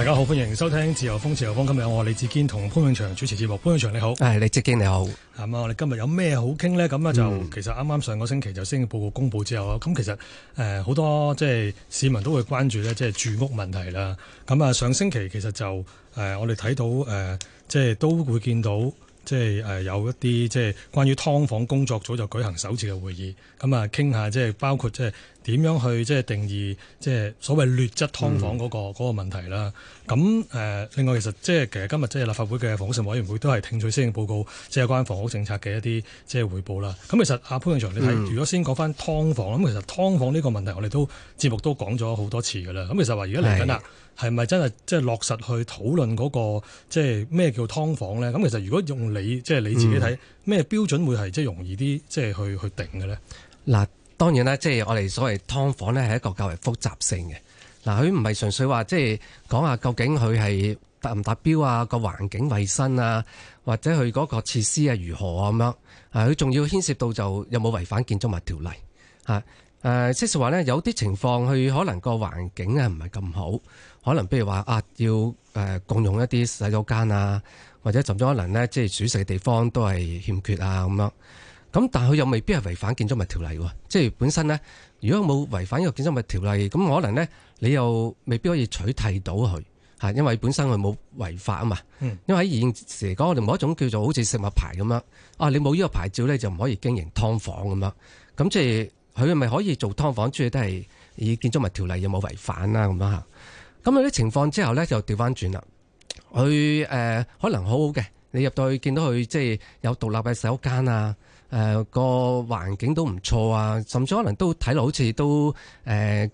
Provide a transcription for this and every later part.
大家好，歡迎收聽自由風。自由風，今日我係李志堅同潘永祥主持節目。潘永祥你好。係，李志堅你好。咁啊，我哋今日有咩好傾咧？咁啊，就、嗯、其實啱啱上個星期就施政報告公布之後啦。咁其實誒，好、呃、多即係、就是、市民都會關注咧，即、就、係、是、住屋問題啦。咁啊，上星期其實就誒、呃，我哋睇到誒，即、呃、係、就是、都會見到，即係誒有一啲即係關於劏房工作組就舉行首次嘅會議，咁啊，傾下即係、就是、包括即係。就是點樣去即係定義即係所謂劣質劏房嗰個嗰個問題啦，咁、嗯、誒，另外其實即係其實今日即係立法會嘅房屋事務委員會都係聽取施政報告，即係有關房屋政策嘅一啲即係彙報啦。咁其實阿潘永祥，你睇，如果先講翻劏房咁、嗯，其實劏房呢個問題我哋都節目都講咗好多次㗎啦。咁其實話而家嚟緊啦，係咪真係即係落實去討論嗰、嗰個即係咩叫劏房咧？咁其實如果用你即係你自己睇咩標準會係即係容易啲即係去去定嘅咧？嗱、嗯。嗯當然啦，即係我哋所謂劏房咧，係一個較為複雜性嘅。嗱，佢唔係純粹話即係講下究竟佢係達唔達標啊，個環境衛生啊，或者佢嗰個設施啊如何啊咁樣。啊，佢仲要牽涉到就有冇違反建築物條例嚇、啊啊。即是話咧，有啲情況佢可能個環境啊唔係咁好，可能譬如話啊，要共用一啲洗手間啊，或者甚至可能咧，即係煮食嘅地方都係欠缺啊咁樣。咁但佢又未必係違反建築物條例喎，即係本身咧，如果冇違反呢個建築物條例，咁可能咧你又未必可以取締到佢，因為本身佢冇違法啊嘛、嗯。因為喺現時嚟講，我哋冇一種叫做好似食物牌咁樣，啊你冇呢個牌照咧就唔可以經營劏房咁樣。咁即係佢咪可以做劏房主？主要都係以建築物條例有冇違反啦咁樣吓。咁有啲情況之後咧就調翻轉啦，佢、呃、可能好好嘅，你入到去見到佢即係有獨立嘅洗手間啊。誒、呃、個環境都唔錯啊，甚至可能都睇落好似都誒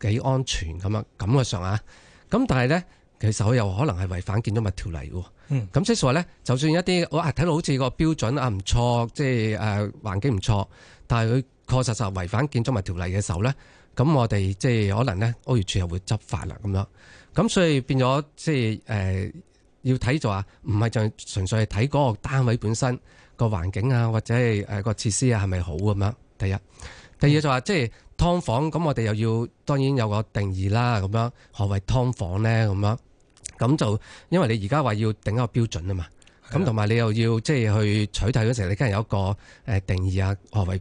幾、呃、安全咁啊，感覺上啊。咁但係咧，其實佢又可能係違反建築物條例喎。咁、嗯、即係話咧，就算一啲啊睇落好似個標準啊唔錯，即係誒環境唔錯，但係佢確實係違反建築物條例嘅時候咧，咁我哋即係可能咧，屋宇署又會執法啦咁樣。咁所以變咗即係誒要睇就話，唔係就純粹係睇嗰個單位本身。個環境啊，或者係誒個設施啊，係咪好咁樣？第一，第二就話即係劏房咁，嗯、我哋又要當然有個定義啦。咁樣何謂劏房呢？咁樣咁就因為你而家話要定一個標準啊嘛。咁同埋你又要即係、就是、去取締嗰時候，你梗係有一個誒定義啊，何謂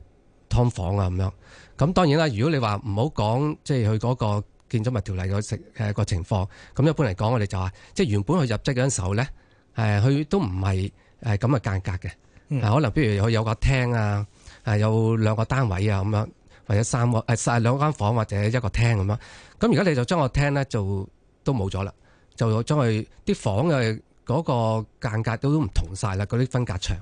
劏房啊？咁樣咁當然啦。如果你話唔好講，即係佢嗰個建築物條例個情誒個情況，咁一般嚟講，我哋就話即係原本佢入職嗰陣時候呢，誒佢都唔係誒咁嘅間隔嘅。嗯啊、可能譬如佢有個廳啊，係有兩個單位啊咁樣，或者三個誒、哎，兩間房或者一個廳咁、啊、樣。咁而家你就將個廳咧就都冇咗啦，就將佢啲房嘅嗰個間隔都唔同晒啦，嗰啲分隔牆。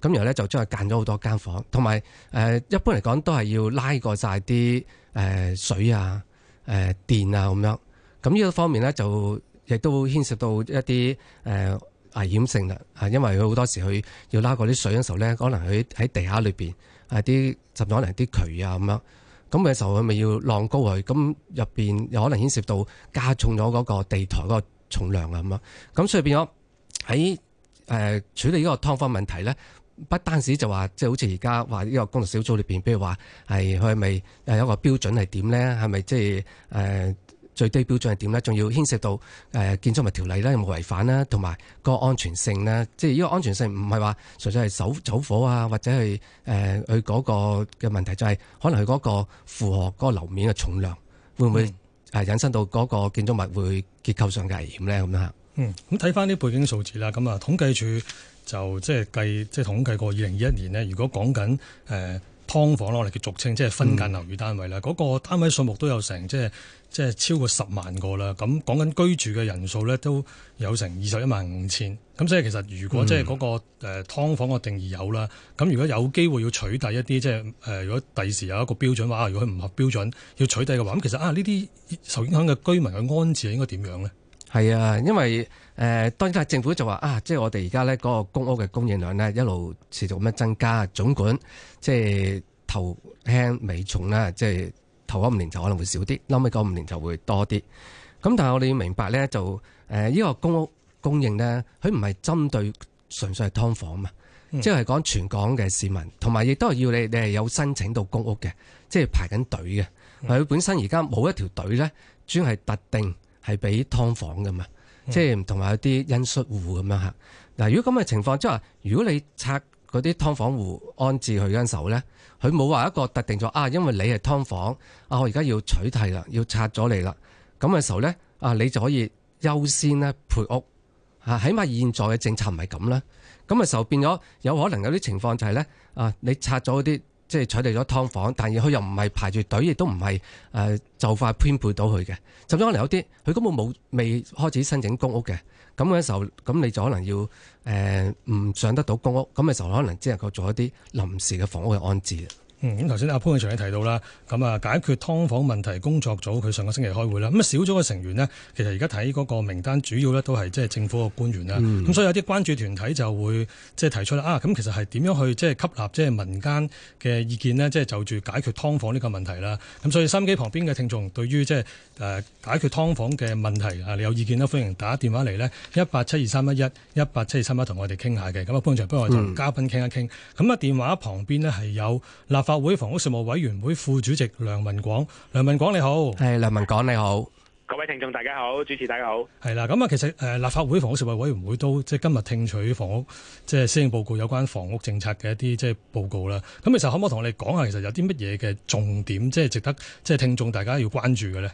咁然後咧就將佢間咗好多間房，同埋誒一般嚟講都係要拉過晒啲誒水啊、誒、呃、電啊咁樣。咁呢個方面咧就亦都牽涉到一啲誒。呃危險性啦，啊，因為佢好多時佢要拉過啲水嘅時候咧，可能佢喺地下裏邊係啲，甚至可能啲渠啊咁樣，咁嘅時候佢咪要浪高佢，咁入邊有可能牽涉到加重咗嗰個地台嗰個重量啊咁樣，咁所以變咗喺誒處理呢個劏房問題咧，不單止就話即係好似而家話呢個工作小組裏邊，譬如話係佢咪誒有一個標準係點咧，係咪即係誒？呃最低標準係點呢？仲要牽涉到誒建築物條例咧，有冇違反啦？同埋個安全性呢？即係呢個安全性唔係話純粹係走火啊，或者係誒佢嗰個嘅問題，就係、是、可能佢嗰個負荷嗰個樓面嘅重量會唔會引申到嗰個建築物會結構上嘅危險咧？咁樣嚇。嗯，咁睇翻啲背景數字啦，咁啊統計處就即係計即係統計過二零二一年呢。如果講緊誒劏房咯，我哋叫俗稱即係分間樓宇單位啦，嗰、嗯那個單位數目都有成即係。即係超過十萬個啦，咁講緊居住嘅人數咧，都有成二十一萬五千。咁所以其實如果即係嗰個誒劏房嘅定義有啦，咁、嗯、如果有機會要取締一啲即係誒，如果第時有一個標準話，如果佢唔合標準要取締嘅話，咁其實啊呢啲受影響嘅居民嘅安置應該點樣呢？係啊，因為誒、呃、當然係政府就話啊，即係我哋而家呢嗰個公屋嘅供應量呢，一路持續咁樣增加，總管即係頭輕尾重啦，即係。頭五年就可能會少啲，後尾嗰五年就會多啲。咁但係我哋要明白咧，就誒依、呃呢個公屋供應咧，佢唔係針對純粹係劏房啊嘛，即係講全港嘅市民，同埋亦都係要你你係有申請到公屋嘅，即係排緊隊嘅。佢、嗯、本身而家冇一條隊咧，專係特定係俾劏房噶嘛，嗯、即係同埋有啲恩恤戶咁樣嚇。嗱，如果咁嘅情況，即係話如果你拆嗰啲劏房戶安置佢陣時候咧？佢冇話一個特定咗啊，因為你係劏房，啊我而家要取締啦，要拆咗你啦，咁嘅時候呢，啊你就可以優先咧配屋，啊起碼現在嘅政策唔係咁啦，咁嘅時候變咗有可能有啲情況就係呢，啊你拆咗啲。即係取締咗劏房，但係佢又唔係排住隊，亦都唔係誒就快編配到佢嘅。甚至可能有啲佢根本冇未開始申請公屋嘅，咁嘅時候，咁你就可能要誒唔、呃、上得到公屋，咁嘅時候可能只能夠做一啲臨時嘅房屋嘅安置。嗯，咁頭先阿潘永祥亦提到啦，咁啊解決劏房問題工作組佢上個星期開會啦，咁啊，小組嘅成員呢，其實而家睇嗰個名單，主要咧都係即係政府嘅官員啦。咁、嗯、所以有啲關注團體就會即係提出啦，啊，咁其實係點樣去即係吸納即係民間嘅意見呢，即係就住解決劏房呢個問題啦。咁所以收音機旁邊嘅聽眾對於即係誒解決劏房嘅問題啊，你有意見呢？歡迎打電話嚟呢，1872311, 187231一八七二三一一，一八七二三一，同我哋傾下嘅。咁啊，潘永祥，不如我同嘉賓傾一傾。咁、嗯、啊，電話旁邊呢係有立。立法會房屋事務委員會副主席梁文廣，梁文廣你好。係，梁文廣你好，各位聽眾大家好，主持大家好。係啦，咁啊，其實誒，立法會房屋事務委員會都即係今日聽取房屋即係施政報告有關房屋政策嘅一啲即係報告啦。咁其實可唔可以同我哋講下，其實有啲乜嘢嘅重點，即係值得即係聽眾大家要關注嘅咧？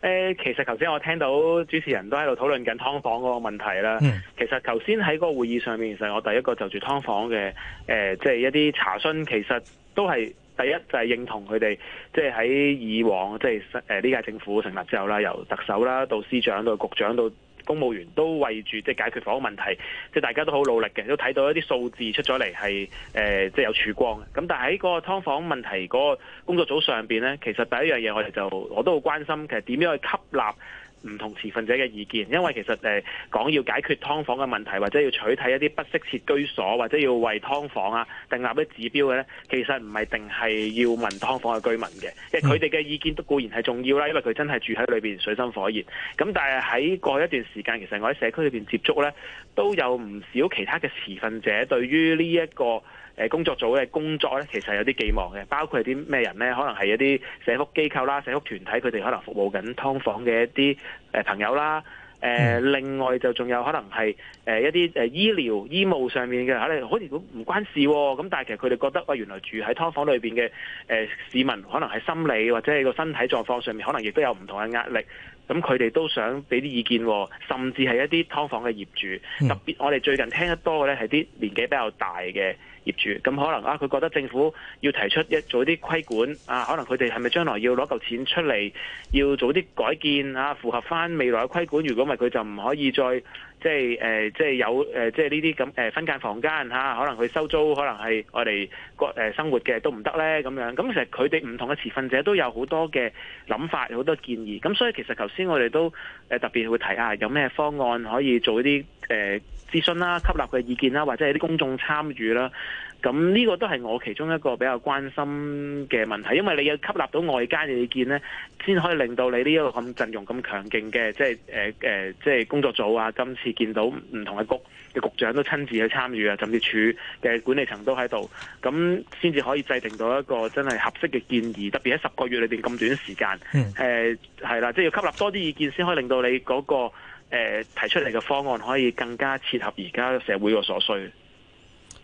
誒，其實頭先我聽到主持人都喺度討論緊劏房嗰個問題啦。其實頭先喺個會議上面，其實我第一個就住劏房嘅，誒，即係一啲查詢，其實。都係第一就係認同佢哋，即係喺以往，即係誒呢屆政府成立之後啦，由特首啦到司長到局長到公務員都為住即係解決房屋問題，即係大家都好努力嘅，都睇到一啲數字出咗嚟係誒即係有曙光，咁但係喺個劏房問題嗰個工作組上面呢，其實第一樣嘢我哋就我都好關心，其實點樣去吸納？唔同持份者嘅意見，因為其實誒講、呃、要解決劏房嘅問題，或者要取締一啲不適切居所，或者要為劏房啊訂立一啲指標嘅咧，其實唔係定係要問劏房嘅居民嘅，即佢哋嘅意見都固然係重要啦，因為佢真係住喺裏邊水深火熱，咁但係喺過一段時間，其實我喺社區裏邊接觸咧，都有唔少其他嘅持份者對於呢、這、一個。工作組嘅工作呢，其實有啲寄望嘅，包括係啲咩人呢？可能係一啲社福機構啦、社福團體，佢哋可能服務緊劏房嘅一啲朋友啦、嗯呃。另外就仲有可能係、呃、一啲醫療醫務上面嘅，可能好似唔關事咁、哦，但係其實佢哋覺得、呃，原來住喺劏房裏面嘅、呃、市民，可能係心理或者係個身體狀況上面，可能亦都有唔同嘅壓力。咁佢哋都想俾啲意見，哦，甚至係一啲劏房嘅業主，特別我哋最近聽得多嘅呢，係啲年紀比較大嘅業主，咁可能啊佢覺得政府要提出一早啲規管啊，可能佢哋係咪將來要攞嚿錢出嚟，要早啲改建啊，符合翻未來嘅規管，如果唔係佢就唔可以再。即係誒，即係有誒，即係呢啲咁誒分間房間嚇，可能佢收租，可能係我哋生活嘅都唔得咧咁樣。咁其實佢哋唔同嘅持份者都有好多嘅諗法，有好多建議。咁所以其實頭先我哋都誒特別會提下，有咩方案可以做啲誒諮詢啦、吸納嘅意見啦，或者係啲公眾參與啦。咁呢個都係我其中一個比較關心嘅問題，因為你要吸納到外間嘅意見呢，先可以令到你呢一個咁陣容咁強勁嘅，即係誒誒，即係工作組啊。今次見到唔同嘅局嘅局長都親自去參與啊，甚至處嘅管理層都喺度，咁先至可以制定到一個真係合適嘅建議。特別喺十個月裏邊咁短時間，誒係啦，即係要吸納多啲意見，先可以令到你嗰、那個誒、呃、提出嚟嘅方案可以更加切合而家社會個所需。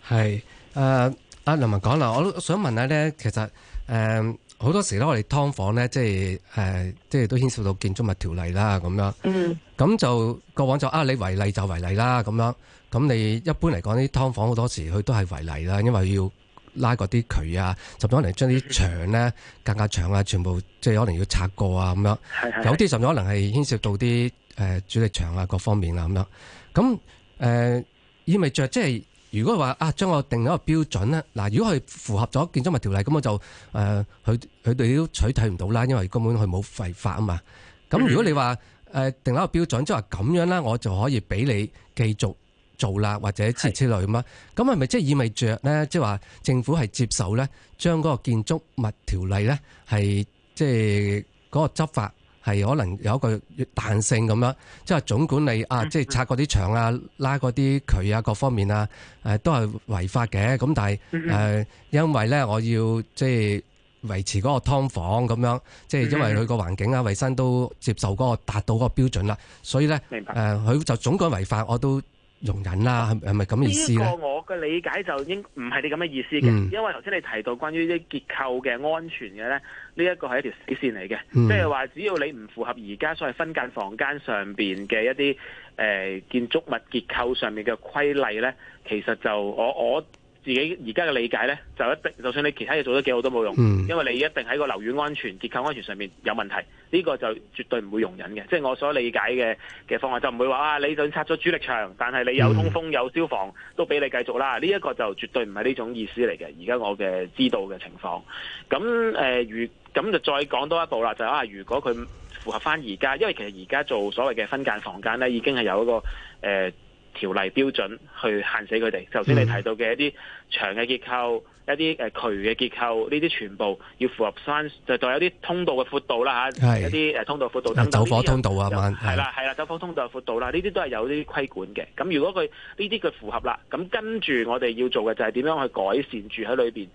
係。誒、呃、阿梁文講啦，我都想問下咧，其實誒好、呃、多時咧，我哋劏房咧，即係誒、呃，即係都牽涉到建築物條例啦，咁樣。咁就過往就啊，你違例就違例啦，咁樣。咁你一般嚟講，啲劏房好多時佢都係違例啦，因為要拉嗰啲渠啊，甚至可能將啲牆咧、隔 間牆啊，全部即係可能要拆過啊，咁樣。有啲甚至可能係牽涉到啲誒、呃、主力牆啊，各方面啊，咁樣。咁誒、呃、意味着即係。如果話啊，將我定一個標準咧，嗱、啊，如果佢符合咗建築物條例，咁我就誒，佢佢哋都取締唔到啦，因為根本佢冇違法啊嘛。咁如果你話誒、呃、定一個標準，即係話咁樣咧，我就可以俾你繼續做啦，或者之之類咁啊。咁係咪即係意味著咧，即係話政府係接受咧，將嗰個建築物條例咧係即係嗰個執法？係可能有一個彈性咁樣，即係總管你、嗯、啊，即、就、係、是、拆嗰啲牆啊、拉嗰啲渠啊，各方面啊，誒、呃、都係違法嘅。咁但係誒、嗯嗯呃，因為咧我要即係維持嗰個劏房咁樣，即、就、係、是、因為佢個環境啊、衞生都接受嗰、那個達到嗰個標準啦，所以咧誒佢就總管違法我都。容忍啦，啊，係咪咁意思呢？呢、呢個我嘅理解就應唔係你咁嘅意思嘅，嗯，因為頭先你提到關於啲結構嘅安全嘅咧，呢、呢、一個係一條死線嚟嘅，即係話只要你唔符合而家所謂分間房間上邊嘅一啲誒、呃、建築物結構上面嘅規例咧，其實就我我。我自己而家嘅理解呢，就一定就算你其他嘢做得幾好都冇用，嗯，因為你一定喺個樓宇安全結構安全上面有問題，呢、這個就絕對唔會容忍嘅。即、就、係、是、我所理解嘅嘅方案就不，就唔會話啊！你就算拆咗主力牆，但係你有通風有消防都俾你繼續啦。呢、這、一個就絕對唔係呢種意思嚟嘅。而家我嘅知道嘅情況，咁誒、呃、如咁就再講多一步啦，就啊，如果佢符合翻而家，因為其實而家做所謂嘅分間房間呢，已經係有一個誒。呃條例標準去限死佢哋。首先你提到嘅一啲長嘅結構、嗯、一啲渠嘅結構，呢啲全部要符合翻，就是、有啲通道嘅闊度啦，一啲通道闊度等走火通道啊，係啦，係啦，走火通道嘅闊度啦，呢啲都係有啲規管嘅。咁如果佢呢啲佢符合啦，咁跟住我哋要做嘅就係點樣去改善住喺裏面，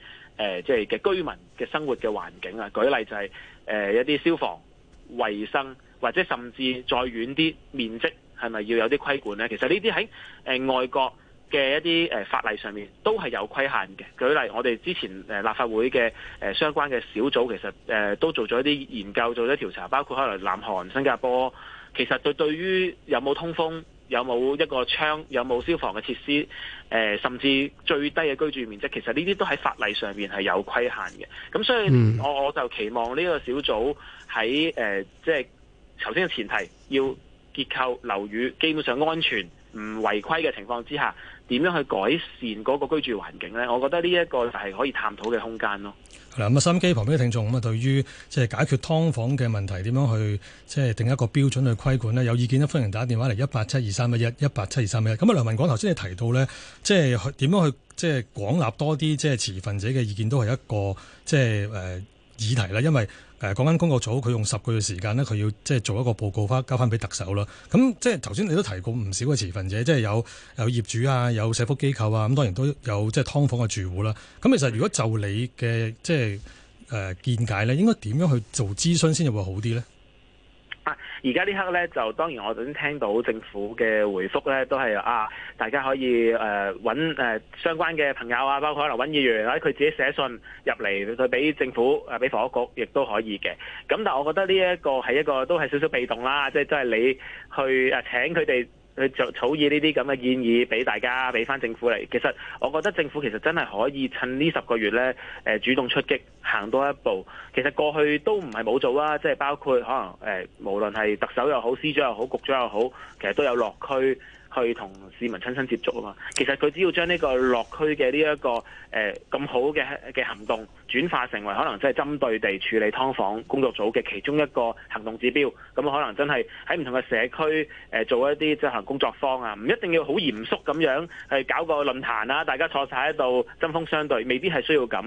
即係嘅居民嘅生活嘅環境啊。舉例就係、是呃、一啲消防、衛生，或者甚至再遠啲面積。係咪要有啲規管呢？其實呢啲喺外國嘅一啲法例上面都係有規限嘅。舉例，我哋之前立法會嘅相關嘅小組，其實都做咗一啲研究，做咗調查，包括可能南韓、新加坡，其實對對於有冇通風、有冇一個窗、有冇消防嘅設施，甚至最低嘅居住面積，其實呢啲都喺法例上面係有規限嘅。咁所以，我我就期望呢個小組喺即係頭先嘅前提要，結構樓宇基本上安全唔違規嘅情況之下，點樣去改善嗰個居住環境呢？我覺得呢一個係可以探討嘅空間咯。係啦，咁收音機旁邊嘅聽眾咁啊，對於即係解決劏房嘅問題，點樣去即係定一個標準去規管呢？有意見咧，歡迎打電話嚟一八七二三一一一八七二三一。咁啊，梁文廣頭先你提到呢，即係點樣去即係廣納多啲即係持份者嘅意見，都係一個即係、呃議題啦，因為誒講緊工作組，佢用十個月嘅時間呢，佢要即係做一個報告，翻交翻俾特首啦。咁即係頭先你都提過唔少嘅持份者，即係有有業主啊，有社福機構啊，咁當然都有即係㓥房嘅住戶啦。咁其實如果就你嘅即係誒見解呢，應該點樣去做諮詢先至會好啲呢？而家呢刻咧就當然，我頭先聽到政府嘅回覆咧，都係啊，大家可以誒揾誒相關嘅朋友啊，包括可能揾議員或者佢自己寫信入嚟，佢俾政府誒俾房屋局亦都可以嘅。咁但係我覺得呢一個係一個都係少少被動啦，即係即係你去誒、呃、請佢哋。佢就草擬呢啲咁嘅建議俾大家，俾翻政府嚟。其實我覺得政府其實真係可以趁呢十個月呢誒、呃、主動出擊，行多一步。其實過去都唔係冇做啊，即係包括可能誒、呃，無論係特首又好，司長又好，局長又好，其實都有落區。去同市民親身接觸啊嘛，其實佢只要將呢個落區嘅呢一個誒咁、呃、好嘅嘅行動，轉化成為可能即係針對地處理劏房工作組嘅其中一個行動指標，咁可能真係喺唔同嘅社區誒、呃、做一啲執行工作坊啊，唔一定要好嚴肅咁樣去搞個論壇啊，大家坐晒喺度針鋒相對，未必係需要咁。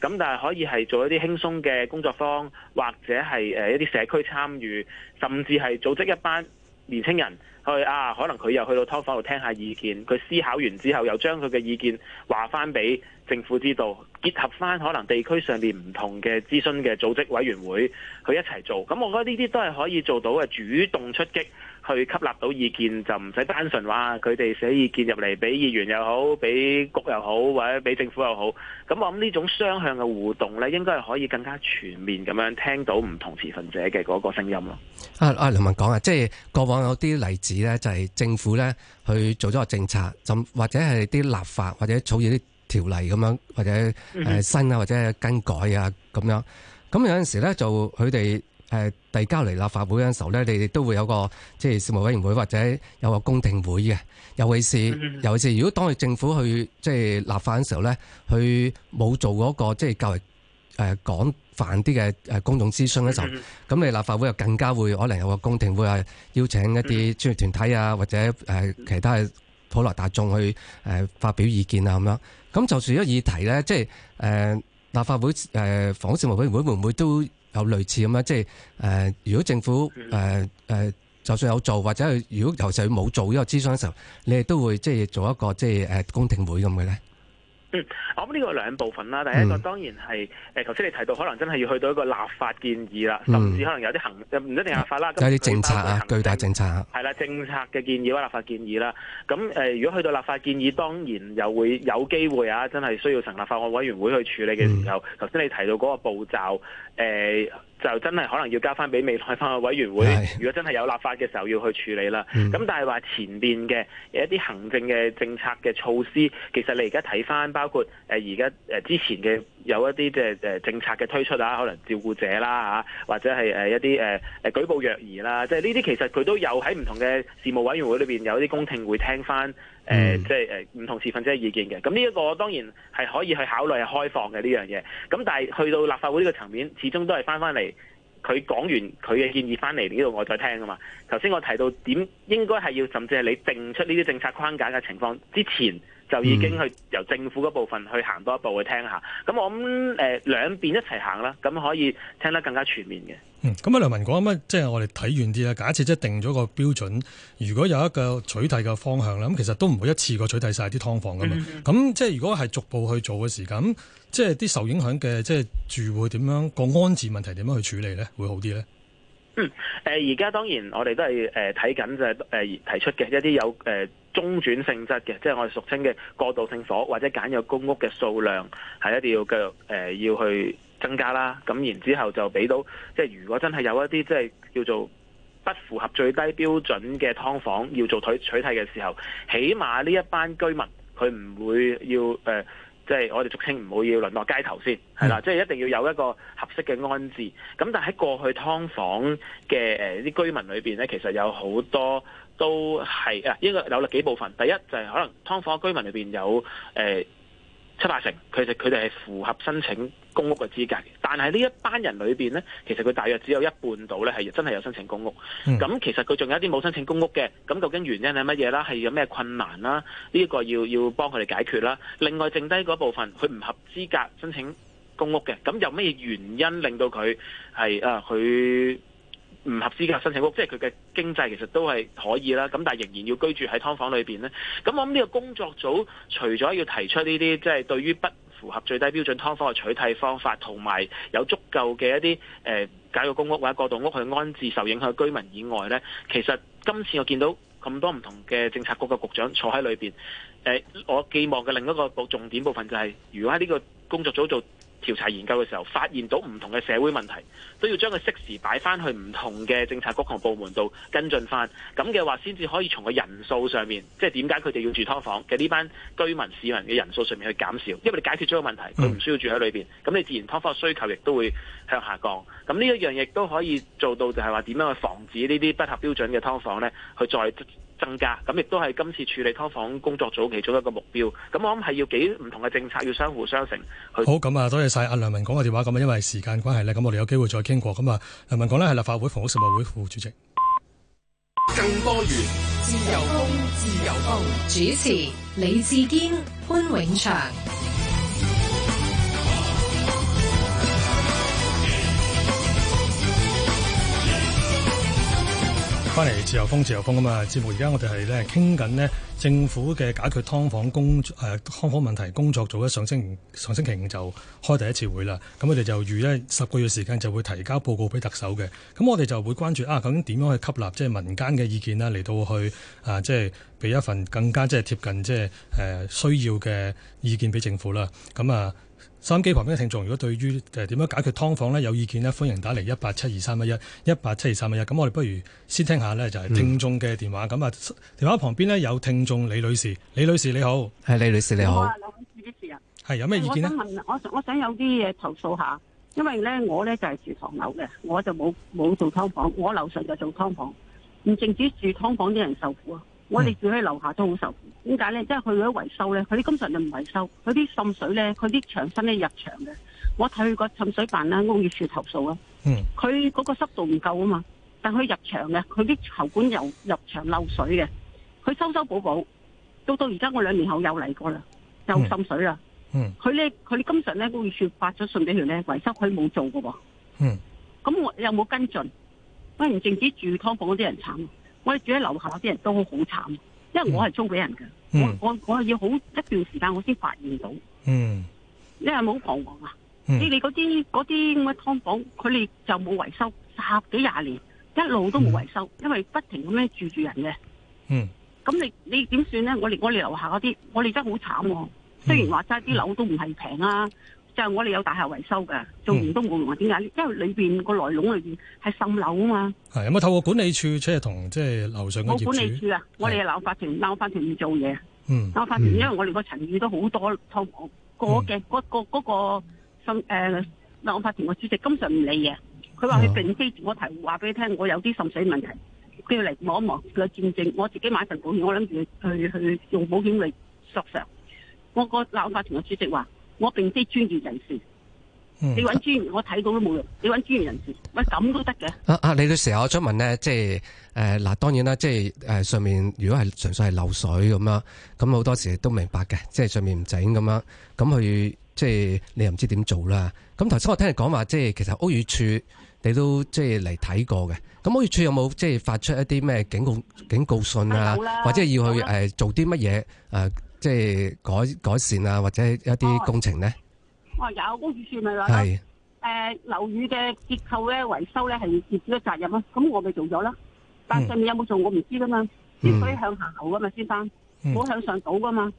咁但係可以係做一啲輕鬆嘅工作坊，或者係一啲社區參與，甚至係組織一班年青人去啊，可能佢又去到劏房度聽下意見，佢思考完之後又將佢嘅意見話翻俾政府知道，結合翻可能地區上邊唔同嘅諮詢嘅組織委員會去一齊做，咁我覺得呢啲都係可以做到嘅，主動出擊。去吸納到意見，就唔使單純話佢哋寫意見入嚟，俾議員又好，俾局又好，或者俾政府又好。咁我諗呢種雙向嘅互動咧，應該係可以更加全面咁樣聽到唔同持份者嘅嗰個聲音咯。啊啊，梁文廣啊，即係過往有啲例子咧，就係政府咧去做咗個政策，就或者係啲立法或者草擬啲條例咁樣，或者誒新啊，或者更改啊咁樣。咁有陣時咧，就佢哋。誒，遞交嚟立法會嗰時候咧，你哋都會有個即係事務委員會或者有個公聽會嘅。尤其是， 尤其是，如果當佢政府去即係立法嗰時候咧，佢冇做嗰個即係較為誒廣泛啲嘅誒公眾諮詢嘅時候咁 你立法會又更加會可能有個公聽會啊，邀請一啲專業團體啊或者誒、呃、其他嘅普羅大眾去誒、呃、發表意見啊咁樣。咁就住咗議題咧，即係誒、呃、立法會誒，房屋、呃、事務委員會會唔會都？有類似咁啦，即係、呃、如果政府、呃呃、就算有做，或者如果頭先冇做呢個諮詢嘅時候，你哋都會即係做一個即係呃公聽會咁嘅呢？嗯，我諗呢個兩部分啦，第一個當然係誒，頭、嗯、先你提到可能真係要去到一個立法建議啦、嗯，甚至可能有啲行，唔一定立法啦，有啲政策啊，巨大政策。係啦，政策嘅建議或者立法建議啦，咁誒，如果去到立法建議，當然又會有機會啊，真係需要成立法案委員會去處理嘅時候，頭、嗯、先你提到嗰個步驟，誒、呃。就真係可能要交翻俾未來法務委員會。如果真係有立法嘅時候，要去處理啦。咁、嗯、但係話前面嘅一啲行政嘅政策嘅措施，其實你而家睇翻，包括而家之前嘅有一啲即政策嘅推出啊，可能照顧者啦吓，或者係一啲誒誒舉報虐兒啦，即係呢啲其實佢都有喺唔同嘅事務委員會裏面，有啲公聽會聽翻。誒、 呃，即係誒唔同持份者意見嘅，咁呢一個當然係可以去考慮係開放嘅呢樣嘢，咁、這個、但係去到立法會呢個層面，始終都係返返嚟。佢講完佢嘅建議翻嚟呢度，我再聽啊嘛。頭先我提到點應該係要，甚至係你定出呢啲政策框架嘅情況之前，就已經去由政府嗰部分去行多一步去聽下。咁我諗誒、呃、兩邊一齊行啦，咁可以聽得更加全面嘅。嗯，咁阿梁文廣咁即係我哋睇遠啲啦。假設即係定咗個標準，如果有一個取締嘅方向啦，咁其實都唔會一次過取締晒啲劏房噶嘛。咁、嗯、即係如果係逐步去做嘅時間。即係啲受影響嘅，即係住戶會點樣個安置問題點樣去處理呢？會好啲呢？嗯，而、呃、家當然我哋都係誒睇緊就係誒提出嘅一啲有誒、呃、中轉性質嘅，即係我哋俗稱嘅過渡性所或者簡有公屋簡約公屋嘅數量係一定要繼續誒要去增加啦。咁然後之後就俾到即係如果真係有一啲即係叫做不符合最低標準嘅劏房，要做佢取、取締嘅時候，起碼呢一班居民佢唔會要誒。呃即、就、係、是、我哋俗稱唔好要淪落街頭先，係啦，即係一定要有一個合適嘅安置。咁但係喺過去劏房嘅啲、呃、居民裏面咧，其實有好多都係啊，應該有幾部分。第一就係可能劏房居民裏面有、呃七八成，其實佢哋係符合申請公屋嘅資格，但係呢一班人裏面呢，其實佢大約只有一半到呢係真係有申請公屋。咁、嗯、其實佢仲有一啲冇申請公屋嘅，咁究竟原因係乜嘢啦？係有咩困難啦？呢一個要要幫佢哋解決啦。另外剩低嗰部分，佢唔合資格申請公屋嘅，咁有咩原因令到佢係啊佢？唔合資格申請屋，即係佢嘅經濟其實都係可以啦。咁但係仍然要居住喺㓥房裏面呢。咁我諗呢個工作組除咗要提出呢啲，即係對於不符合最低標準劏房嘅取締方法，同埋有，有足夠嘅一啲誒解決公屋或者過渡屋去安置受影響居民以外呢，其實今次我見到咁多唔同嘅政策局嘅局長坐喺裏面。呃，我寄望嘅另一個部重點部分就係，如果喺呢個工作組做。調查研究嘅時候，發現到唔同嘅社會問題，都要將佢適時擺翻去唔同嘅政策局同部門度跟進翻。咁嘅話，先至可以從個人數上面，即係點解佢哋要住劏房嘅呢班居民市民嘅人數上面去減少。因為你解決咗個問題，佢唔需要住喺裏邊，咁你自然劏房嘅需求亦都會向下降。咁呢一樣亦都可以做到，就係話點樣去防止呢啲不合標準嘅劏房呢，去再增加咁，亦都係今次處理劏房工作組其中一個目標。咁我諗係要幾唔同嘅政策要相互相成去。好，咁啊，多謝曬阿梁文廣嘅電話。咁啊，因為時間關係咧，咁我哋有機會再傾過。咁啊，梁文廣咧係立法會房屋事務委員會副主席。更多元、自由風、自由風。主持李志堅、潘永祥。翻嚟自由風，自由風啊嘛，節目。而家我哋係咧傾緊咧政府嘅解決劏房工誒㓥房問題工作組咧，上星上星期五就開第一次會啦。咁我哋就預呢十個月時間就會提交報告俾特首嘅。咁我哋就會關注啊，究竟點樣去吸納即係民間嘅意見啦，嚟到去啊即係俾一份更加貼即係貼近即係誒需要嘅意見俾政府啦。咁啊～啊收音機旁邊嘅聽眾，如果對於誒點樣解決劏房咧有意見咧，歡迎打嚟一八七二三一一一八七二三一一。咁我哋不如先聽下咧，就係、是、聽眾嘅電話。咁啊、嗯，電話旁邊咧有聽眾李女士，李女士你好，係李女士你好，你好啊，諗住啊，係有咩意見咧？我想問，我想有啲嘢投訴下，因為咧我咧就係、是、住唐樓嘅，我就冇冇做劏房，我樓上就做劏房，唔淨止住劏房啲人受苦。嗯、我哋住喺樓下都好受，點解咧？即係佢啲維修咧，佢啲金臣就唔維修，佢啲滲水咧，佢啲牆身咧入牆嘅。我睇佢個滲水辦啦，屋宇署投訴啦。嗯，佢嗰個濕度唔夠啊嘛，但佢入牆嘅，佢啲喉管又入牆漏水嘅，佢修修補補，到到而家我兩年後又嚟過啦、嗯，又滲水啦。嗯，佢咧佢啲金臣咧，屋宇署發咗信俾佢咧，維修佢冇做噶喎。嗯，咁我有冇跟進？喂，唔淨止住劏房嗰啲人慘。我哋住喺樓下啲人都好慘，因為我係租俾人嘅、嗯，我我我係要好一段時間我先發現到，嗯，你係冇彷徨啊？嗯、你你嗰啲嗰啲咁嘅劏房，佢哋就冇維修十幾廿年，一路都冇維修、嗯，因為不停咁樣住住人嘅，嗯，咁你你點算咧？我我哋樓下嗰啲，我哋真係好慘、啊，雖然話齋啲樓都唔係平啊。即係，我哋有大廈維修嘅，做完都冇用，點、嗯、解？因為裏邊個內籠裏邊係滲漏啊嘛。係，有冇透過管理處出係同即係樓上冇管理處啊，我哋嘅法庭、樓法庭唔做嘢。嗯，法庭因為我哋個陳雨都好多，透嘅嗰個、嗯那個誒，那個那個、法庭個主席經常唔理嘢，佢話佢並非住我提，話俾你聽，我有啲滲水問題，佢要嚟摸一摸個見證，我自己買份保險，我諗住去去，去用保險嚟索償。我、那個樓法庭個主席話。我並非專業人士，嗯、你揾專業，我睇到都冇用。你揾專業人士，喂咁都得嘅。阿、啊、阿、啊，你到時候我想問咧，即係誒嗱，當然啦，即係誒、呃、上面如果係純粹係漏水咁啦，咁好多時候都明白嘅，即係上面唔整咁啦，咁去即係你又唔知點做啦。咁頭先我聽你講話，即係其實屋宇署你都即係嚟睇過嘅，咁屋宇署有冇即係發出一啲咩警告警告信啊？或者要去誒、呃、做啲乜嘢誒？呃即係改改善啊，或者一啲工程咧，我、哦哦、有工程署咪有咯。誒，樓、呃、宇嘅結構咧，維修咧係業主嘅責任啊。咁我咪做咗啦。但上面有冇做我唔知噶嘛。只、嗯、可向下導噶嘛，先生。好、嗯、向上倒噶嘛。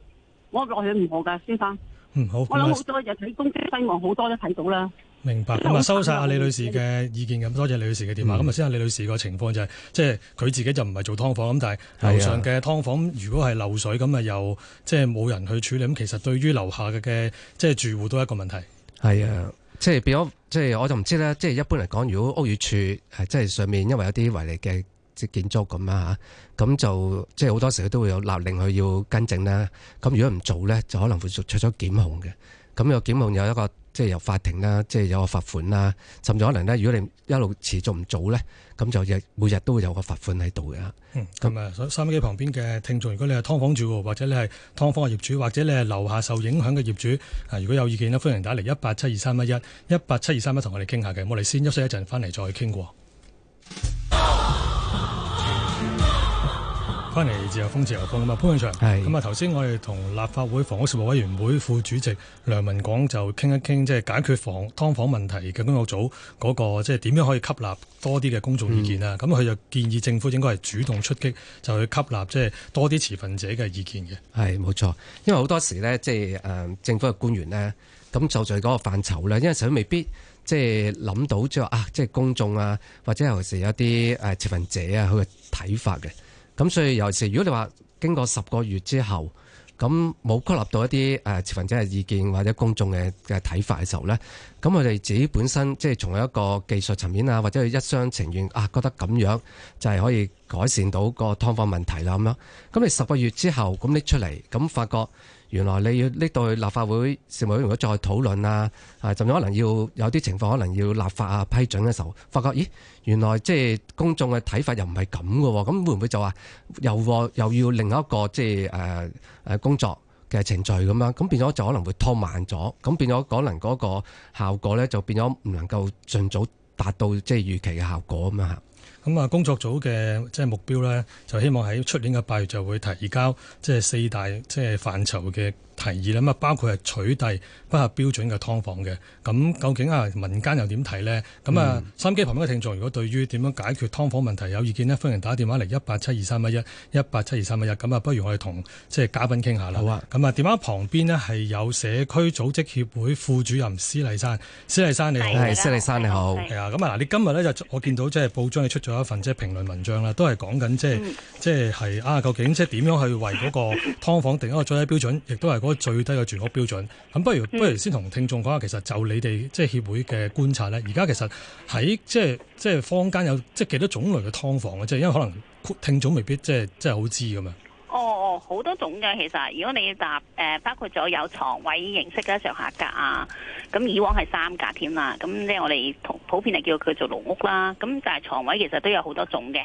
我落去唔好噶，先生。嗯、好。我諗好多日睇公司新聞，好多都睇到啦。明白咁啊！收晒阿李女士嘅意見咁，多謝李女士嘅電話。咁、嗯、啊，先阿李女士個情況就係、是，即係佢自己就唔係做劏房咁，但係樓上嘅劏房如果係漏水咁啊，又即係冇人去處理。咁其實對於樓下嘅即係住戶都係一個問題。係啊，即係變咗，即係我就唔知啦。即係一般嚟講，如果屋宇署即係上面，因為有啲違例嘅即建築咁啊嚇，咁就即係好多時都會有勒令佢要跟證啦。咁如果唔做咧，就可能會出咗檢控嘅。咁、那、有、個、檢控有一個，即係由法庭啦，即係有個罰款啦，甚至可能呢，如果你一路持續唔做呢，咁就日每日都會有個罰款喺度嘅。嗯，咁、嗯、啊，所以收音機旁邊嘅聽眾，如果你係劏房住戶，或者你係劏房嘅業主，或者你係樓下受影響嘅業主，啊，如果有意見咧，歡迎打嚟一八七二三一一，一八七二三一同我哋傾下嘅。我哋先休息一陣，翻嚟再傾過。翻嚟自由風自由風啊！潘永祥，咁啊，頭先我哋同立法會房屋事務委員會副主席梁文廣就傾一傾，即、就、係、是、解決房㓥房問題嘅工作組嗰、那個，即係點樣可以吸納多啲嘅公眾意見啊？咁、嗯、佢就建議政府應該係主動出擊，就去吸納即係多啲持份者嘅意見嘅。係冇錯，因為好多時咧，即係誒政府嘅官員咧，咁就在嗰個範疇咧，因為實在未必即係諗到即係啊，即、就、係、是、公眾啊，或者尤其係有啲誒、呃、持份者啊，佢嘅睇法嘅。咁所以有時，如果你話經過十個月之後，咁冇吸納到一啲誒持份者嘅意見或者公眾嘅嘅睇法嘅時候呢，咁我哋自己本身即係從一個技術層面啊，或者佢一廂情願啊，覺得咁樣就係、是、可以改善到個劏房問題啦咁樣。咁你十個月之後咁拎出嚟，咁發覺。原來你要搦到去立法會、事務委員會，如果再討論啊，啊，甚至可能要有啲情況，可能要立法啊批准嘅時候，發覺咦，原來即係公眾嘅睇法又唔係咁嘅喎，咁會唔會就話又又要另一個即係誒誒工作嘅程序咁啊？咁變咗就可能會拖慢咗，咁變咗可能嗰個效果咧就變咗唔能夠盡早達到即係預期嘅效果咁樣嚇。咁啊，工作組嘅即係目標咧，就希望喺出年嘅八月就會提交，即係四大即係範疇嘅。提議咧，啊包括係取締不合標準嘅劏房嘅。咁究竟啊民間又點睇呢？咁啊，收音機旁邊嘅聽眾，如果對於點樣解決劏房問題有意見呢？歡迎打電話嚟一八七二三一一八七二三一一。咁啊，不如我哋同即係嘉賓傾下啦。好啊。咁啊，電話旁邊呢係有社區組織協會副主任施麗珊。施麗珊你好，係。施麗珊。你好。係啊。咁啊嗱，你，你今日咧就我見到即係報章你出咗一份即係評論文章啦，都係講緊即係即係係啊，究竟即係點樣去為嗰個劏房定一個最低標準，亦都係最低嘅住屋標準，咁不如不如先同聽眾講下，其實就你哋即係協會嘅觀察咧，而家其實喺即係即係坊間有即係幾多種類嘅劏房啊，即係因為可能聽眾未必即係即係好知咁樣。哦哦，好、哦、多種嘅其實，如果你要搭誒、呃，包括咗有床位形式嘅上下格啊，咁以往係三格添啦，咁即係我哋同普遍係叫佢做籠屋啦。咁但係床位其實都有好多種嘅，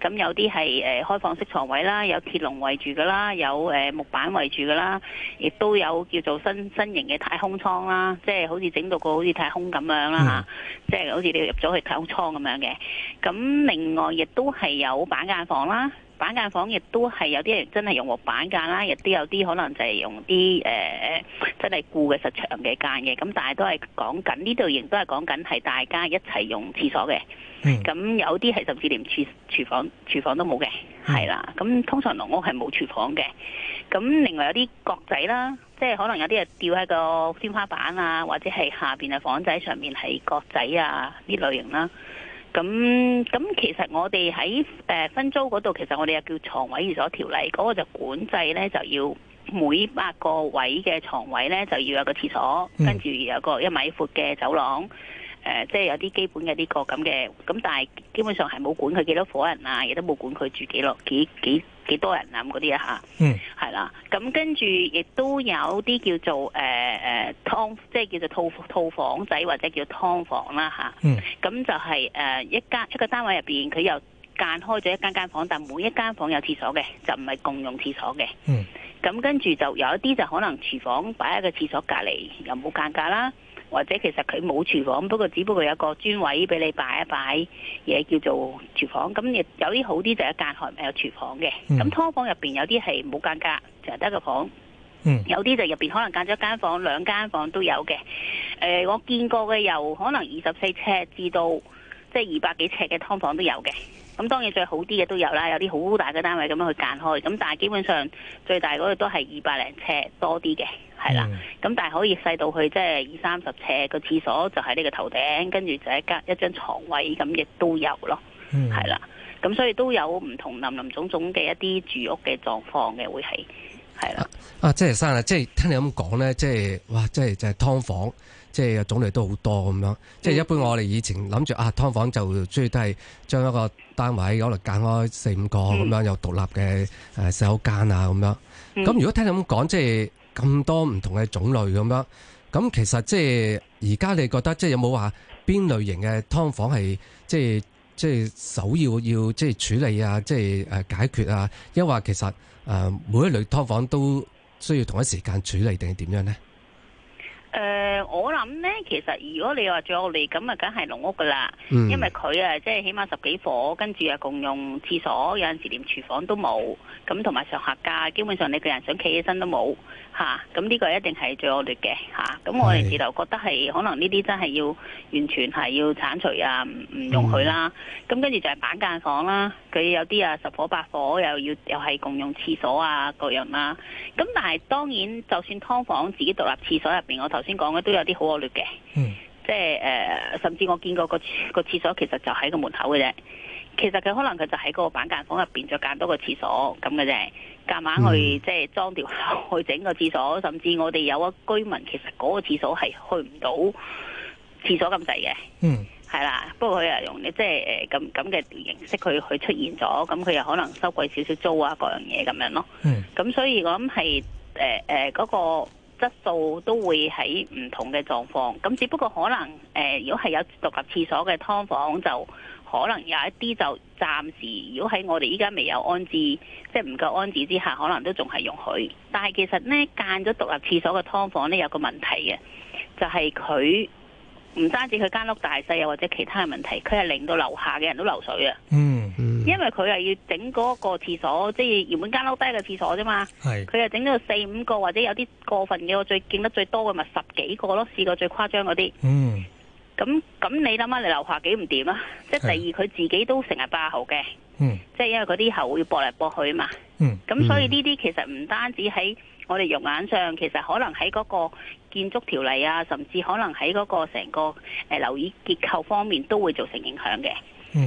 咁有啲係誒開放式床位啦，有鐵籠圍住噶啦，有誒、呃、木板圍住噶啦，亦都有叫做新新型嘅太空艙啦，即係好似整到個好似太空咁樣啦、啊、吓、嗯，即係好似你入咗去太空艙咁樣嘅。咁另外亦都係有板間房啦。板間房亦都係有啲人真係用臥板間啦，亦都有啲可能就係用啲誒、呃，真係固嘅實牆嘅間嘅，咁但係都係講緊呢度，亦都係講緊係大家一齊用廁所嘅。咁有啲係甚至連廚廚房、廚房都冇嘅，係啦。咁通常籠屋係冇廚房嘅。咁另外有啲閣仔啦，即係可能有啲係吊喺個天花板啊，或者係下邊嘅房仔上面係閣仔啊呢類型啦。咁咁，其實我哋喺誒分租嗰度，其實我哋又叫床位寓所條例，嗰、那個就管制咧，就要每百個位嘅床位咧，就要有個廁所，跟住有個一米闊嘅走廊，誒、呃，即係有啲基本嘅呢個咁嘅。咁但係基本上係冇管佢幾多伙人啊，亦都冇管佢住幾落幾幾。幾多人啊，咁嗰啲啊嚇，係啦，咁跟住亦都有啲叫做誒誒、劏、即係叫做套套房仔或者叫劏房啦。嚇嗯咁就係、是、誒、呃、一間一個單位入面，佢又間開咗一間間房，但每一間房有廁所嘅，就唔係共用廁所嘅，咁跟住就有一啲就可能廚房擺喺個廁所隔離，又冇間隔啦。或者其實佢冇廚房，不過只不過有個專位俾你擺一擺嘢叫做廚房。咁有啲好啲就係一間房誒有廚房嘅。咁劏房入邊有啲係冇間隔，就係得個房。嗯、有啲就入邊可能間咗一間房、兩間房都有嘅。誒、呃，我見過嘅由可能二十四尺至到即係二百幾尺嘅劏房都有嘅。咁當然最好啲嘅都有啦，有啲好大嘅單位咁樣去間開，咁但係基本上最大嗰個都係二百零尺多啲嘅，係啦。咁、嗯、但係可以細到去即係二三十尺，個廁所就喺呢個頭頂，跟住就一間一張牀位咁亦都有咯，係、嗯、啦。咁所以都有唔同林林總總嘅一啲住屋嘅狀況嘅會係，係啦。啊，即係生啊！即係聽你咁講咧，即係哇！即係就係劏房。即係種類都好多咁樣，即、嗯、係一般我哋以前諗住啊，劏房就中意都係將一個單位可能隔開四五個咁樣、嗯，有獨立嘅洗手間啊咁樣。咁、嗯、如果聽你咁講，即係咁多唔同嘅種類咁樣，咁其實即係而家你覺得即係、就是、有冇話邊類型嘅劏房係即係即係首要要即係、就是、處理啊，即、就、係、是呃、解決啊？抑或其實、呃、每一類劏房都需要同一時間處理定係點樣呢？呃、我諗咧，其實如果你話最惡劣咁啊，梗係籠屋㗎啦、嗯，因為佢啊，即係起碼十幾伙，跟住啊共用廁所，有陣時連廚房都冇，咁同埋上客家基本上你個人想企起身都冇嚇，咁、啊、呢個一定係最惡劣嘅嚇。咁、啊、我哋自頭覺得係可能呢啲真係要完全係要剷除啊，唔唔容許啦。咁、嗯、跟住就係板間房啦，佢有啲啊十伙八伙，又要又係共用廁所啊，各樣啦。咁但係當然，就算劏房自己獨立廁所入面我頭。先講嘅都有啲好惡劣嘅、嗯，即係誒、呃，甚至我見過個個廁所其實就喺個門口嘅啫。其實佢可能佢就喺個板間房入邊再間多個廁所咁嘅啫，夾硬去、嗯、即係裝條去整個廁所，甚至我哋有個居民其實嗰個廁所係去唔到廁所咁滯嘅。嗯，係啦，不過佢又用即係誒咁咁嘅形式佢去，去出現咗，咁佢又可能收貴少少租啊，各樣嘢咁樣咯。嗯，咁所以我諗係誒誒嗰個。質素都會喺唔同嘅狀況，咁只不過可能誒、呃，如果係有獨立廁所嘅劏房，就可能有一啲就暫時，如果喺我哋依家未有安置，即係唔夠安置之下，可能都仲係容許。但係其實呢間咗獨立廁所嘅劏房呢，有個問題嘅，就係佢唔單止佢間屋大細又或者其他嘅問題，佢係令到樓下嘅人都流水啊。嗯。因為佢係要整嗰個廁所，即係原本間樓低嘅廁所啫嘛。係。佢又整到四五個，或者有啲過分嘅。我最見得最多嘅咪十幾個咯，試過最誇張嗰啲。嗯。咁咁，你諗下，你樓下幾唔掂啊？即係第二，佢自己都成日霸喉嘅。嗯。即係因為嗰啲喉會駁嚟駁去啊嘛。嗯。咁所以呢啲其實唔單止喺我哋肉眼上，其實可能喺嗰個建築條例啊，甚至可能喺嗰個成個誒樓宇結構方面都會造成影響嘅。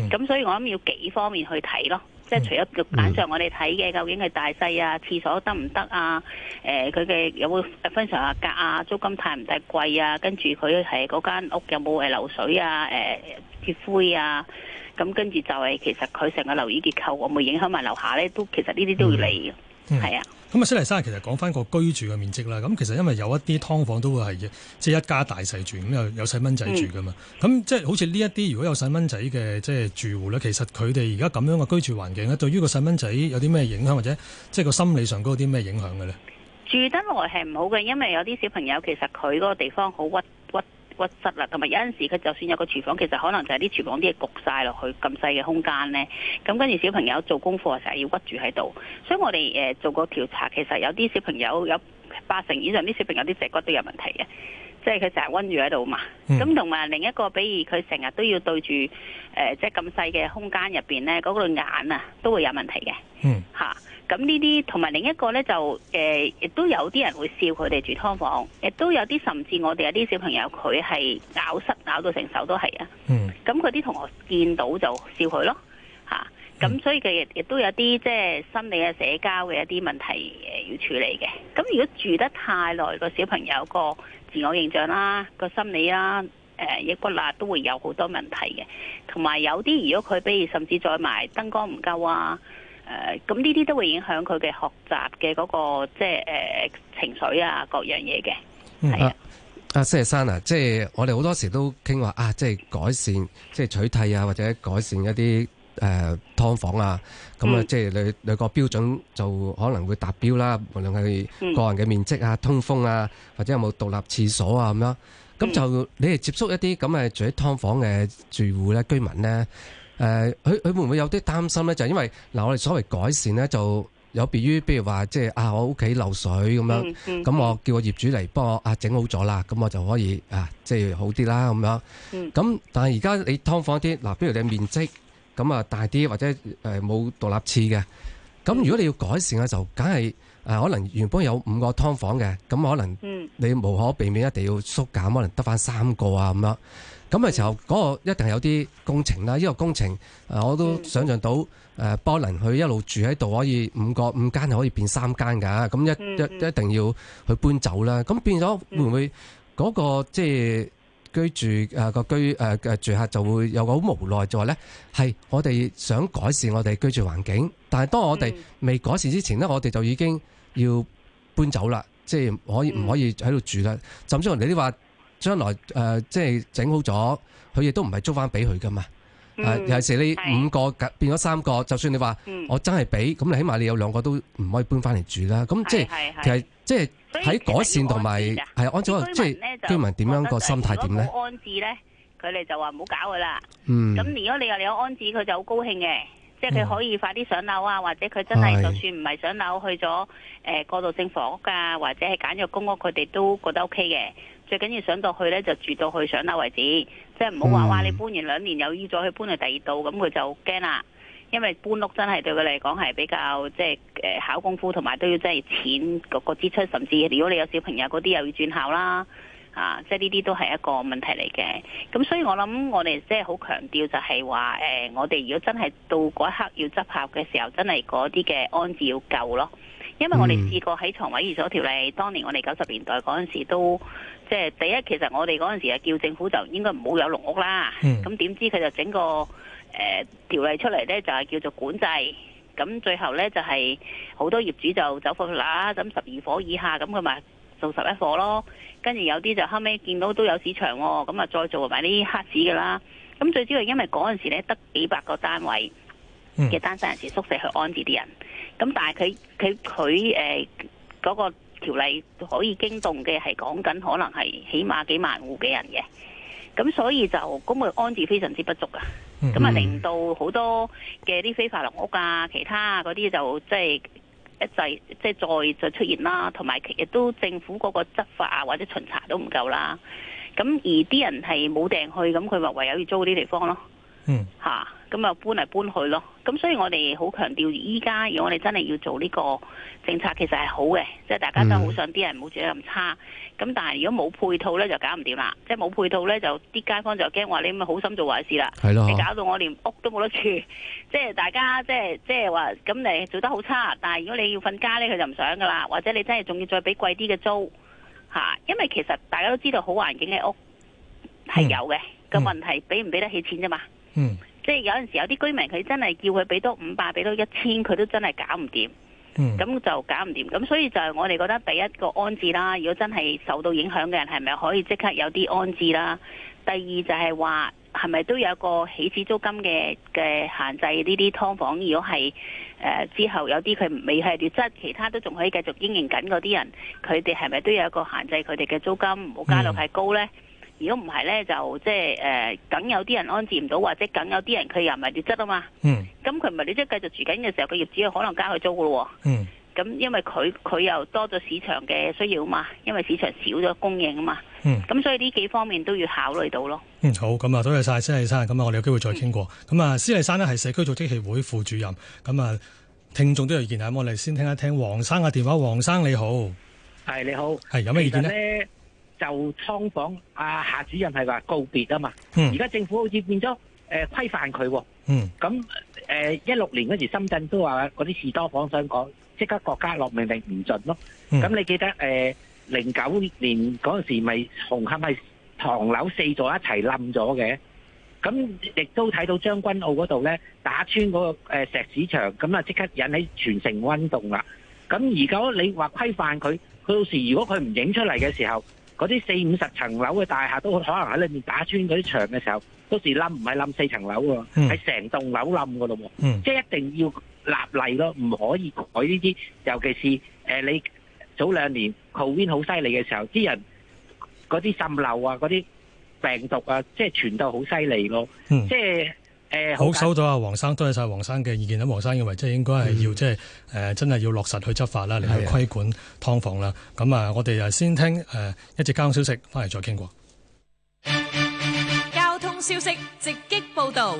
咁、嗯、所以我諗要幾方面去睇咯，即、嗯、係、嗯、除咗晚上我哋睇嘅究竟係大細啊、廁所得唔得啊、誒佢嘅有冇分上下格啊、租金太唔太貴啊，跟住佢係嗰間屋有冇誒漏水啊、誒、呃、啲灰啊，咁跟住就係其實佢成個樓宇結構，會唔會影響埋樓下咧，都其實呢啲都要理嘅，係、嗯嗯、啊。咁啊，施麗珊其實講翻個居住嘅面積啦。咁其實因為有一啲㓥房都會係即係一家大細住，咁又有細蚊仔住噶嘛。咁即係好似呢一啲如果有細蚊仔嘅即係住戶咧，其實佢哋而家咁樣嘅居住環境咧，對於個細蚊仔有啲咩影響，或者即係個心理上有啲咩影響嘅咧？住得耐係唔好嘅，因為有啲小朋友其實佢嗰個地方好屈屈，屈骨質啦，同埋有陣時佢就算有個廚房，其實可能就係啲廚房啲嘢焗晒落去咁細嘅空間咧，咁跟住小朋友做功課成日要屈住喺度，所以我哋誒做過調查，其實有啲小朋友有八成以上啲小朋友啲脊骨都有問題嘅。即係佢成日温住喺度嘛，咁同埋另一個，比如佢成日都要對住，誒，即係咁細嘅空間入邊咧，嗰個眼啊，都會有問題嘅，嗯吓。咁呢啲同埋另一個咧，就誒，亦都有啲人會笑佢哋住劏房，亦都有啲甚至我哋有啲小朋友佢係咬濕咬到成手都係啊。咁佢啲同學見到就笑佢咯。咁、嗯、所以佢亦都有啲即係心理嘅社交嘅一啲問題要處理嘅。咁如果住得太耐，個小朋友個自我形象啦、個心理啦、誒抑鬱啦，骨都會有好多問題嘅。同埋有啲，如果佢比如甚至再埋燈光唔夠啊，誒、呃，咁呢啲都會影響佢嘅學習嘅嗰個即係誒、呃、情緒啊各樣嘢嘅。係、嗯、啊，阿謝生啊，即係我哋好多時都傾話啊，即係改善，即係取締啊，或者改善一啲。誒，劏房啊，咁啊，即係你你個標準就可能會達標啦，無論係個人嘅面積啊、通風啊，或者有冇獨立廁所啊咁樣，咁就你哋接觸一啲咁嘅住喺劏房嘅住戶咧、居民呢，誒，佢佢會唔會有啲擔心呢？就因為嗱，我哋所謂改善呢，就有別於，比如話即係啊，我屋企漏水咁樣，咁我叫我業主嚟幫我啊整好咗啦，咁我就可以啊，即係好啲啦，咁樣。咁但係而家你劏房一啲，嗱，譬如你面積。咁啊大啲或者冇獨立廁嘅，咁如果你要改善嘅時候，就梗係、啊、可能原本有五個劏房嘅，咁可能你無可避免一定要縮減，可能得返三個啊咁樣。咁嘅時候嗰個一定有啲工程啦，呢、呢個工程、啊、我都想像到誒波能佢一路住喺度，可以五個五間係可以變三間㗎，咁一一一,一定要去搬走啦。咁變咗會唔會嗰、嗰個即係？居住、呃、居、呃、住客就會有個好無奈就話咧，係我哋想改善我哋居住環境，但係當我哋未改善之前咧，嗯、我哋就已經要搬走啦，即係可以唔可以喺度住啦？甚至乎你都話將來即係、呃、整好咗，佢亦都唔係租翻俾佢噶嘛？啊、呃，尤其是你五個變咗三個，嗯、就算你話我真係俾，咁你起碼你有兩個都唔可以搬翻嚟住啦。咁即係其實即係喺改善同埋係安置，即係居民點樣個心態點咧？安置咧，佢哋就話唔好搞佢啦。嗯，咁如果你有你有安置，佢就好高興嘅、嗯，即係佢可以快啲上樓，上樓、呃、啊，或者佢真係就算唔係上樓去咗誒過渡性房屋㗎，或者係簡約公屋，佢哋都覺得 O K 嘅。最緊要上到去咧就住到去上樓為止。即係唔好話哇你搬完兩年有依咗去搬去第二度，咁佢就驚啦。因為搬屋真係對佢嚟講係比較即係誒考功夫，同埋都要即係錢個個支出，甚至如果你有小朋友嗰啲又要轉校啦，啊，即係呢啲都係一個問題嚟嘅。咁所以我諗我哋即係好強調就係話誒，我哋如果真係到嗰一刻要執合嘅時候，真係嗰啲嘅安置要夠咯。因為我哋試、嗯、過喺《床位寓所條例》當年我哋九十年代嗰陣時都即係第一，其實我哋嗰陣時啊叫政府就應該唔好有籠屋啦。咁、嗯、點知佢就整個。誒、呃，條例出嚟咧就係叫做管制，咁最後咧就係、是、好多業主就走貨啦，咁十二伙以下咁佢咪做十一伙咯，跟住有啲就後尾見到都有市場，哦，咁啊再做埋啲黑市噶啦，咁最主要因為嗰陣時咧得幾百個單位嘅單身人士宿舍去安置啲人，咁但係佢佢佢誒嗰個條例可以驚動嘅係講緊可能係起碼幾萬戶嘅人嘅，咁所以就咁，佢、那個、安置非常之不足呀。咁、嗯、啊，令、嗯、到好多嘅啲非法籠屋啊、其他嗰啲就即係一制即係再再出現啦，同埋亦都政府嗰個執法啊或者巡查都唔夠啦。咁而啲人係冇訂去，咁佢咪唯有要租嗰啲地方咯。嗯，吓、啊。咁啊，搬嚟搬去咯。咁所以我哋好強調，依家如果我哋真係要做呢個政策，其實係好嘅，即係大家都好想啲人唔好住得咁差。咁、嗯、但係如果冇配套咧，就搞唔掂啦。即係冇配套咧，就啲街坊就驚話你咪好心做壞事啦。係咯，你搞到我連屋都冇得住。即係大家即係即係話咁你做得好差，但係如果你要瞓街咧，佢就唔想噶啦。或者你真係仲要再俾貴啲嘅租、啊、因為其實大家都知道好環境嘅屋係有嘅，個、嗯、問題俾唔俾得起錢啫嘛。嗯，嗯。即係有陣時有啲居民，佢真係叫佢俾多五百、俾多一千，佢都真係搞唔掂，咁、嗯、就搞唔掂。咁所以就係我哋覺得第一個安置啦，如果真係受到影響嘅人係咪可以即刻有啲安置啦？第二就係話係咪都有一個起始租金嘅嘅限制呢啲劏房？如果係、呃、之後有啲佢未係劣質，其他都仲可以繼續經營緊嗰啲人，佢哋係咪都有一個限制佢哋嘅租金唔好加到太高呢？嗯如果唔係咧，就即係誒，梗、呃、有啲人安置唔到，或者梗有啲人佢又唔係劣質啊嘛。嗯。咁佢唔係劣質，繼續住緊嘅時候，個業主可能加佢租咯喎、哦。嗯。咁因為佢佢又多咗市場嘅需要啊嘛，因為市場少咗供應啊嘛。嗯。咁所以呢幾方面都要考慮到咯。嗯，好，咁啊，多謝晒施麗珊。咁啊，我哋有機會再傾過。咁、嗯、啊，施麗珊咧係社區組織協會副主任。咁啊，聽眾都有意見，咁我哋先聽一聽黃生嘅電話。黃生你好，係你好，係有咩意見呢？就劏房啊，夏主任係話告別啊嘛，而、嗯、家政府好似變咗誒規範佢，咁誒一六年嗰時深圳都話嗰啲士多房想講，即刻國家落命令唔准咯。咁、嗯、你記得誒零九年嗰陣時咪紅磡係唐樓四座一齊冧咗嘅，咁亦都睇到將軍澳嗰度咧打穿嗰、那個誒、呃、石屎牆，咁啊即刻引起全城震動啦。咁而家你話規範佢，佢到時如果佢唔影出嚟嘅時候，嗰啲四五十層樓嘅大廈都可能喺裏面打穿嗰啲牆嘅時候，到時冧唔係冧四層樓喎，係、嗯、成棟樓冧嘅咯。即係一定要立例咯，唔可以改呢啲。尤其是、呃、你早兩年 COVID 好犀利嘅時候，啲人嗰啲滲漏啊、嗰啲病毒啊，即係傳到好犀利咯。嗯、即係。嗯、好，收到啊，黃生，多謝晒黃生嘅意見。咁黃生認為，即係應該係要，即係誒，真係要落實去執法啦，嚟去規管劏房啦。咁啊，我哋係先聽誒、呃，一節交通消息，翻嚟再傾過。交通消息直擊報道。